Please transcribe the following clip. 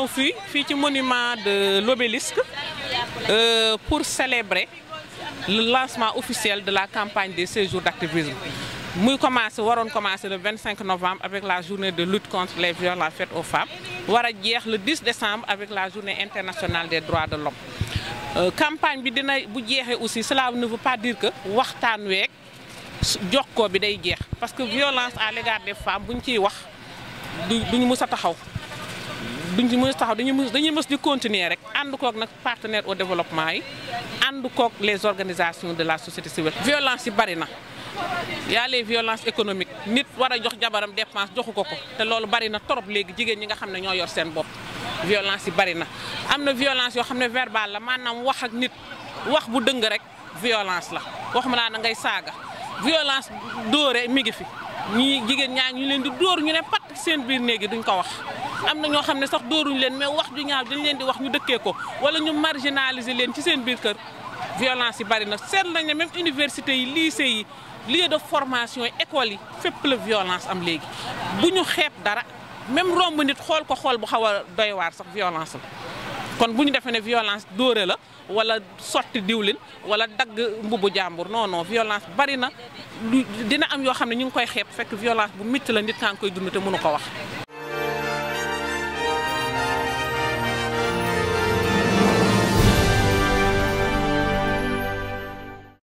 ñëw fii fii ci monument de l'obélisque euh, pour célébrer le lancement officiel de la campagne des 16 jours d'activisme muy commencé waroon commencé le 25 novembre avec la journée de lutte contre les violences faites aux femmes war a jeex le décembre avec la journée internationale des droits de l'homme euh, campagne bi dina bu jeexee aussi cela ne veut pas dire que waxtaan week jokkoo bi day jeex parce que violence à l'égard des femmes buñ ciy wax du duñu mës taxaw duñ ci mës taxaw dañuy dañuy mës di continuer rek ànd kook nag partenaire au développement yi ànd kook les organisations de la société civile. violence yi bari na y a les violences économiques nit war a jox jabaram dépense joxu ko ko te loolu bari na trop léegi jigéen ñi nga xam ne ñoo yor seen bopp violence yi bari na. am na violence yoo xam ne verbal la maanaam wax ak nit wax bu dëng rek violence la waxuma laa da ngay saaga violence dóore mi ngi fi ñii jigéen ñaa ñu leen du dóor ñu ne pat seen biir néegi duñ ko wax. am na ñoo xam ne sax dóoruñu leen mais wax ju ñaaw dañ leen di ñu dëkkee ko wala ñu marginaliser leen ci seen biir kër violence yi bari na seet nañ ne même université yi lycée yi lieu de formation yi école yi fépp la violence am léegi bu ñu xeeb dara même romb nit xool ko xool bu xaw a doy waar sax violence la kon bu ñu defee ne violence doore la wala sotti diwlin wala dagg mbubu jaambur non non violence bari na lu dina am yoo xam ne ñu ngi koy xeep fekk violence bu mitt la nit kaa ngi koy dund mënu ko wax